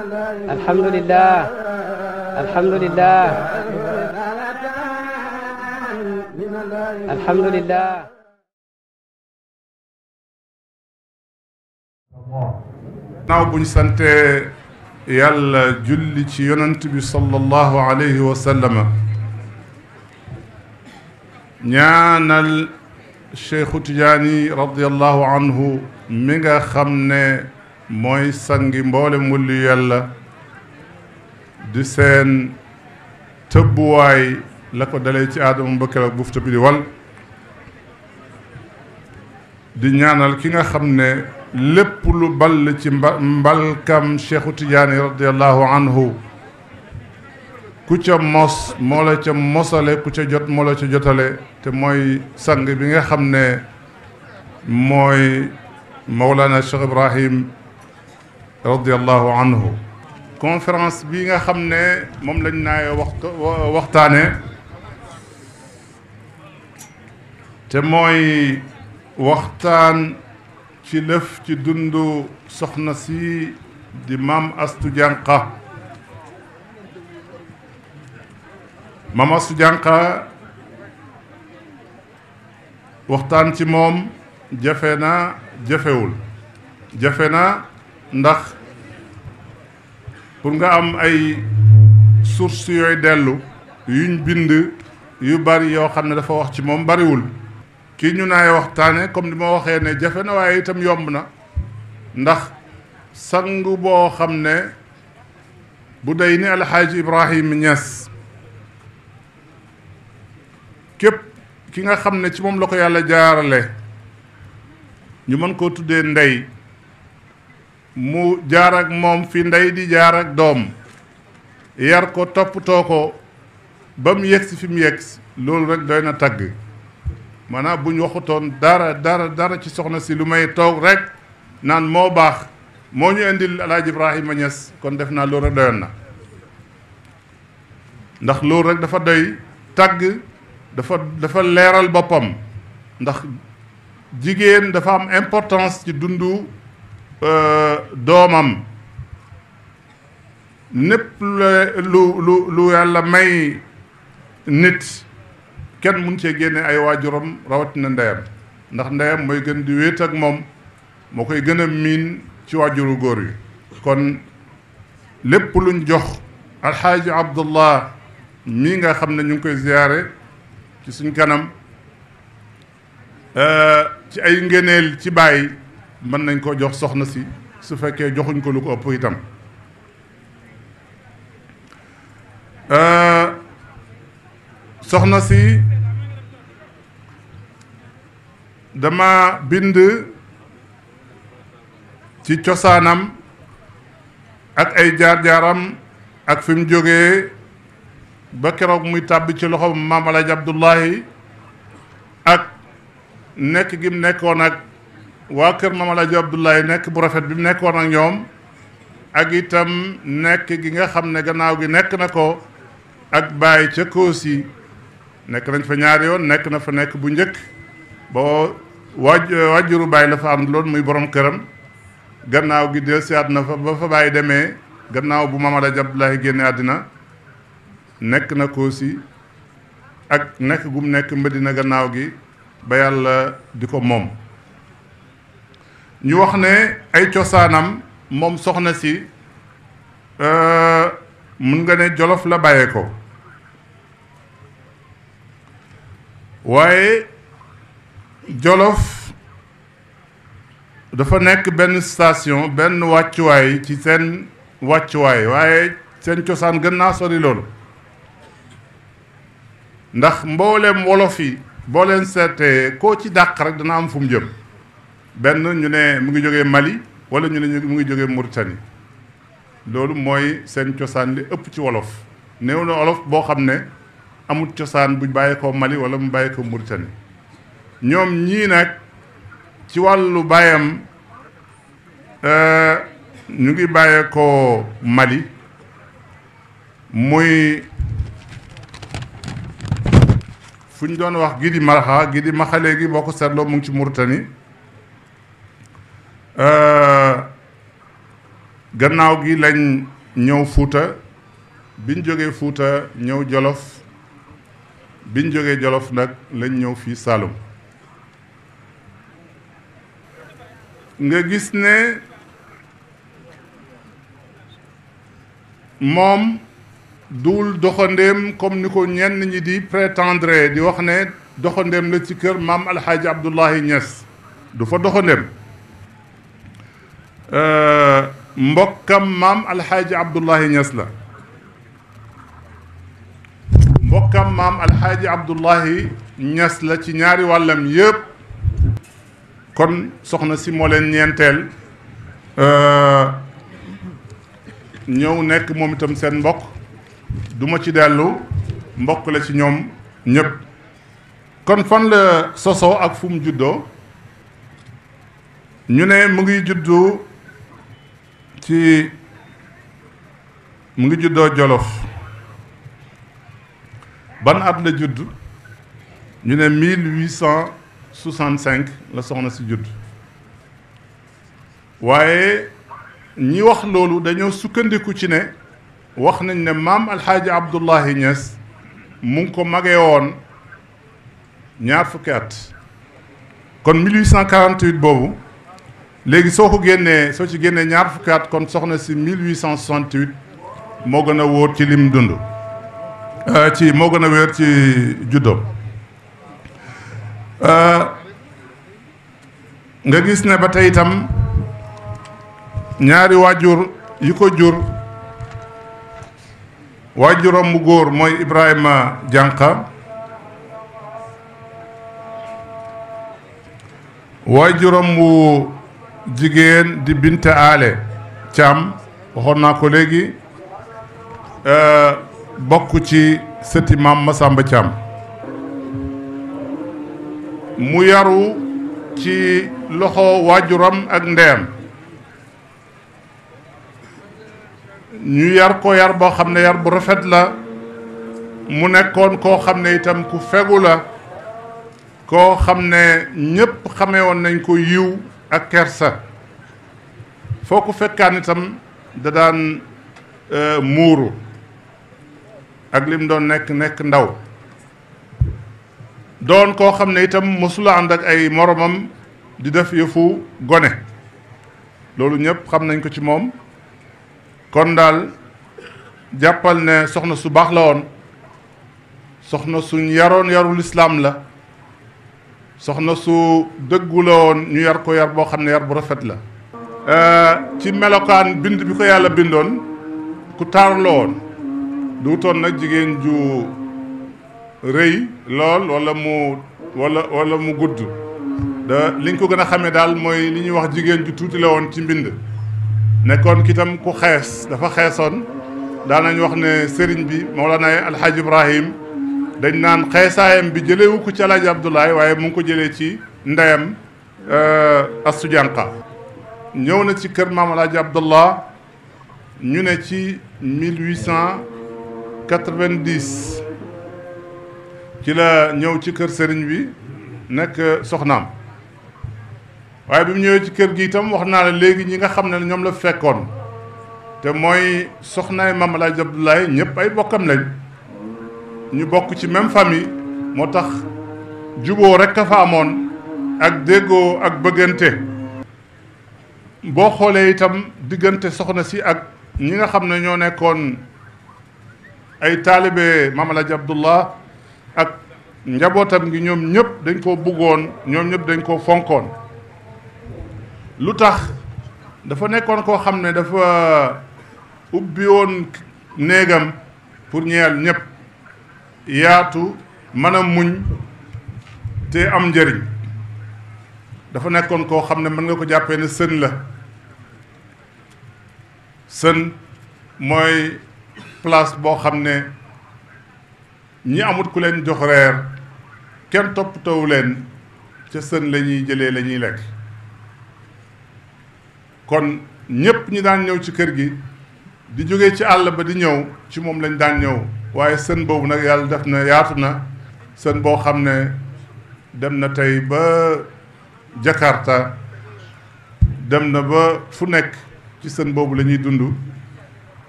alhamdulillah alhamdulillah alhamdulillah naaw buñ sante yàlla julli ci yonent bi sallallahu alayhi wa sallama ñaanal cheikhu tijaani radiallahu anhu mi nga xam ne mooy sangi mu wulli yàlla di seen tëbbuwaay la ko dalee ci aadama mbëkkal ak bufta bi di wal di ñaanal ki nga xam ne lépp lu ball ci mba mbalkam cheikhu tijaani radiallahu anhu ku ca mos moo la ca mosale ku ca jot moo la ca jotale te mooy sang bi nga xam ne mooy Mawlana Cheikh Ibrahim radiallahu anhu conférence bi nga xam ne moom lañ naaye waxtu waxtaane te mooy waxtaan ci lef ci dundu soxna si di maam Astu Jànqa maam Astu Jànqa waxtaan ci moom jafe na jafewul jafe na ndax pour nga am ay sources yooy dellu yuñ bind yu bari yoo xam ne dafa wax ci moom bariwul kii ñu naay waxtaane comme ni ma waxee ne jafe na waaye itam yomb na ndax sang boo xam ne bu day ni alxaaji Ibrahim Niass képp ki nga xam ne ci moom la ko yàlla jaarale ñu mën koo tuddee ndey mu jaar ak moom fi ndey di jaar ak doom yar ko toppatoo ko ba mu yegsi fi mu yegsi loolu rek doy na tagg maanaam bu ñu waxutoon dara dara dara ci soxna si lu may toog rek naan moo baax moo ñu indil El Hadj Ibrahima Niass kon def naa loolu rek na ndax loolu rek dafa doy tagg dafa dafa leeral boppam ndax jigéen dafa am importance ci dundu. Euh, doomam népp lu lu lu yàlla may nit kenn mun cee génne ay waajuram rawatina ndeyam ndax ndeyam mooy gën di wéet ak moom moo koy gën miin ci waajuru góor yi kon lépp luñ jox alxaaji abdullah mii nga xam ne ñu ngi koy ziyaare ci suñ kanam euh, ci ay ngëneel ci bàyyi mën nañ koo jox soxna si su fekkee joxuñ ko lu ko ëpp itam euh, soxna si dama bind ci cosaanam ak ay jaar-jaaram ak fi mu jógee ba keroog muy tàbbi ci loxo maam Alaaji Abdullahi ak nekk gi mu nekkoon ak waa kër Mame Alaaji Abdoulaye nekk bu rafet bi mu nekk nekkoon ak ñoom ak itam nekk gi nga xam ne gannaaw gi nekk na ko ak bàyyi ca Koosi nekk nañ fa ñaari yoon nekk na fa nekk bu njëkk boo waaj waajuru bàyyi la fa am loolu muy borom këram gannaaw gi dellusiwaat na fa ba fa bàyyi demee gannaaw bu Mame Alaaji Abdoulaye génne àddina nekk na Koosi ak nekk gum nekk Medina gannaaw gi ba yàlla di ko moom ñu wax ne ay cosaanam moom soxna si euh, mun nga ne jolof la bàyyee ko waaye jolof dafa nekk benn station benn wàccuwaay ci seen wàccuwaay waaye seen cosaan gën naa sori loolu ndax mboolem wolof yi boo leen seetee koo ci dàq rek dana am fum mu jëm benn ñu ne mu ngi jógee Mali wala ñu ne mu ngi jógee Mauritanie loolu mooy seen cosaan li ëpp ci wolof néew na wolof boo xam ne amul cosaan bu bàyyeekoo Mali wala mu bàyyi ko Mauritanie ñoom ñii nag ci wàllu baayam euh, ñu ngi bàyyi Mali muy fu ñu doon wax gii di maraxa gi di maxalee gi boo ko seetloo mu ngi ci Mauritanie Euh, gannaaw gi lañ ñëw Fuuta biñ jógee Fuuta ñëw Jolof biñ jógee Jolof nag lañ ñëw fii Saalum nga gis ne moom duul doxandéem comme ni ko ñenn ñi di prétendre di wax ne doxandéem la ci kër maam alxaaji Abdullahi Ñas du fa doxandéem Euh, mbokkam maam alxaaji abdullahi ñas la mbokkam maam alxaaji abdullahi ñas la ci ñaari wàllam yépp kon soxna si moo leen ñeenteel euh, ñëw nekk moom itam seen mbokk duma ci dellu mbokk la ci ñoom ñépp kon fan la sosoo ak fu mu juddoo ñu ne mu ngi juddu ci mu ngi juddoo Jolof ban at la juddu ñu ne mille huit cent soixante-cinq la soxna si judd waaye ñi wax loolu dañoo sukkandiku ci ne wax nañ ne maam alxaaji Abdullahi Niass mu ngi ko magee woon ñaar fukki at kon 1848 boobu léegi soo ko génnee soo ci génnee ñaar fukki at kon soxna si 1868 moo gën a wóor ci lim dund euh, ci moo gën a wéer ci juddoom euh, nga gis ne ba tey itam ñaari waajur yi ko jur waajuram bu góor mooy Ibrahima Jànqa waajuram bu jigéen di Binta ale Thiam waxoon naa ko léegi euh, bokk ci sëti maam Masamba Thiam mu yaru ci loxo waajuram ak ndeyam ñu yar ko yar boo xam ne yar bu rafet la mu nekkoon koo xam ne itam ku fegu la koo xam ne ñépp xamee woon nañ ko yiw ak kersa foo ko fekkaan itam da daan euh, muuru ak lim doon nekk nekk ndaw doon koo xam ne itam mosula ànd ak ay moromam di def yëfu gone loolu ñëpp xam nañ ko ci moom kon daal jàppal ne soxna su baax la woon soxna suñ yaroon yarul islaam la soxna su dëggu la woon ñu yar ko yar boo xam ne yar bu rafet la euh, ci melokaan bind bi ko yàlla bindoon ku taaru la woon duutoon nag jigéen ju rëy lool wala mu wala wala mu gudd da liñ ko gën a xamee daal mooy li ñuy wax jigéen ju tuuti la woon ci mbind nekkoon kitam ku xees dafa xeesoon daanañ wax ne sëriñ bi Mawlana Alhaaj Ibrahim dañ naan xeesaayam bi jëlewu ko ci alaaji Abdoulaye waaye mu ngi ko jëlee ci ndeyam euh, Astu Jànqa ñëw na ci kër maam alaaji Abdullah ñu ne ci 1890 ci la ñëw ci kër sëriñ bi nekk soxnaam waaye bi mu ñëwee ci kër gi itam wax naa la léegi ñi nga xam ne ñoom la fekkoon te mooy soxnaay maam alaaji Abdoulaye ñëpp ay bokkam lañ ñu bokk ci même famille moo tax juboo rekk a fa amoon ak déggoo ak bëggante boo xoolee itam diggante soxna si ak ñi nga xam ne ñoo nekkoon ay taalibe Maam Alaaji Abdullah ak njabootam ngi ñoom ñëpp dañ koo buggoon ñoom ñëpp dañ koo fonkoon lu tax dafa nekkoon koo xam ne dafa ubbi woon néegam pour ñeel ñëpp yaatu mën a muñ te am njëriñ dafa nekkoon koo xam ne mën nga ko jàppee ne sën la sën mooy place boo xam ne ñi amut ku leen jox reer kenn toppatoowu leen ca sën lañuy jëlee la ñuy lekk kon ñépp ñi daan ñëw ci kër gi di jóge ci àll ba di ñëw ci moom lañ daan ñëw waaye seen boobu nag yàlla def na yaatu na sën boo xam ne dem na tey ba Jakarta dem na ba fu nekk ci seen boobu lañuy ñuy dund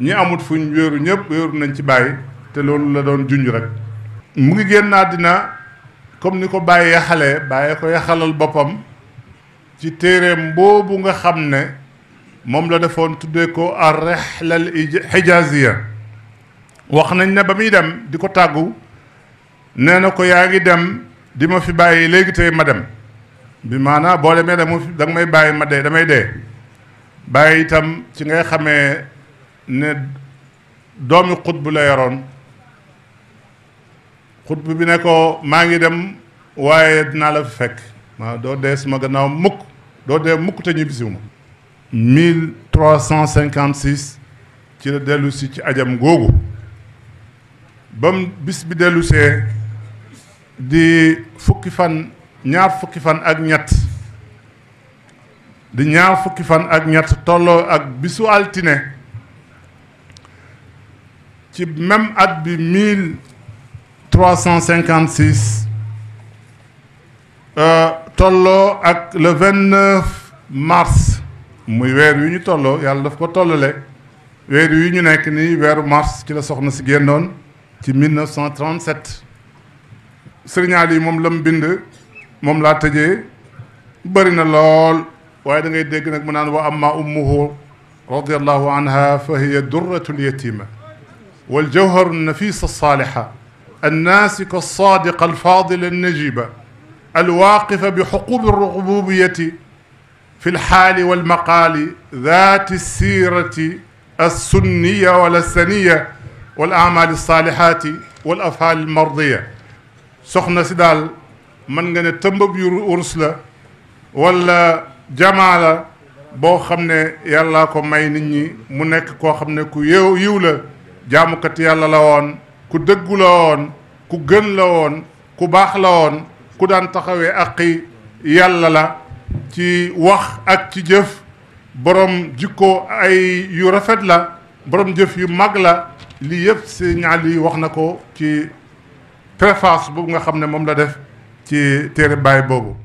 ñi amut fuñ wéeru ñëpp wéeru nañ ci bàyyi te loolu la doon junj rek. mu ngi génn àddina comme ni ko bàyyi yaxalee bàyyi ko yaxalal boppam ci téereem boobu nga xam ne. moom la defoon tuddee ko ar rihla al hijaziya wax nañ ne ba muy dem di ko tàggu nee na ko yaa ngi dem di ma fi bàyyi léegi tey ma dem bi maanaa boo demee dama fi danga may bàyyi ma dee damay dee bàyyi itam ci ngay xamee ne doomi xutbu la yoroon xutbu bi ne ko maa ngi dem waaye dinaa la fi fekk waaw doo dee suma gannaaw mukk doo dee mukk te ma 1356 ci la dellusi ci ajam googu bam bis bi dellusee di fukki fan ñaar fukki fan ak ñett di ñaar fukki fan ak ñett tolloo ak bisu altine ci même at bi 1356 euh, tolloo ak le 29 mars muy weer yu ñu tolloo yàlla daf ko tollale weer yu ñu nekk nii weeru mars ci la soxna si génnoon ci 1937 Serigne Aliou moom la mu bind moom laa tëjee bëri na lool waaye da ngay dégg nag mu naan wa amma ummuhu radiallahu anha fa hiya durratu lyatima waljawharu nafisa alsaliha annaasika alsadiqa alfadila alnajiba alwaqifa bi xuqubi alrububiyati fi lxaali walmaqaali daati siirati alsunniya wala saniya wal amaali alsaalihaati wal afaal almardiya soxna si daal mën nga ne tëmbab yu wurus la wala jamaa la boo xam ne yàlla ko may nit ñi mu nekk koo xam ne ku yew yiw la jaamukat yàlla la woon ku dëggu la woon ku gën la woon ku baax la woon ku daan taxawee aqi yàlla la ci wax ak ci jëf borom jikko ay yu rafet la borom jëf yu mag la lii yëpp Sëriñ Ali wax na ko ci préface boobu nga xam ne moom la def ci téere baay boobu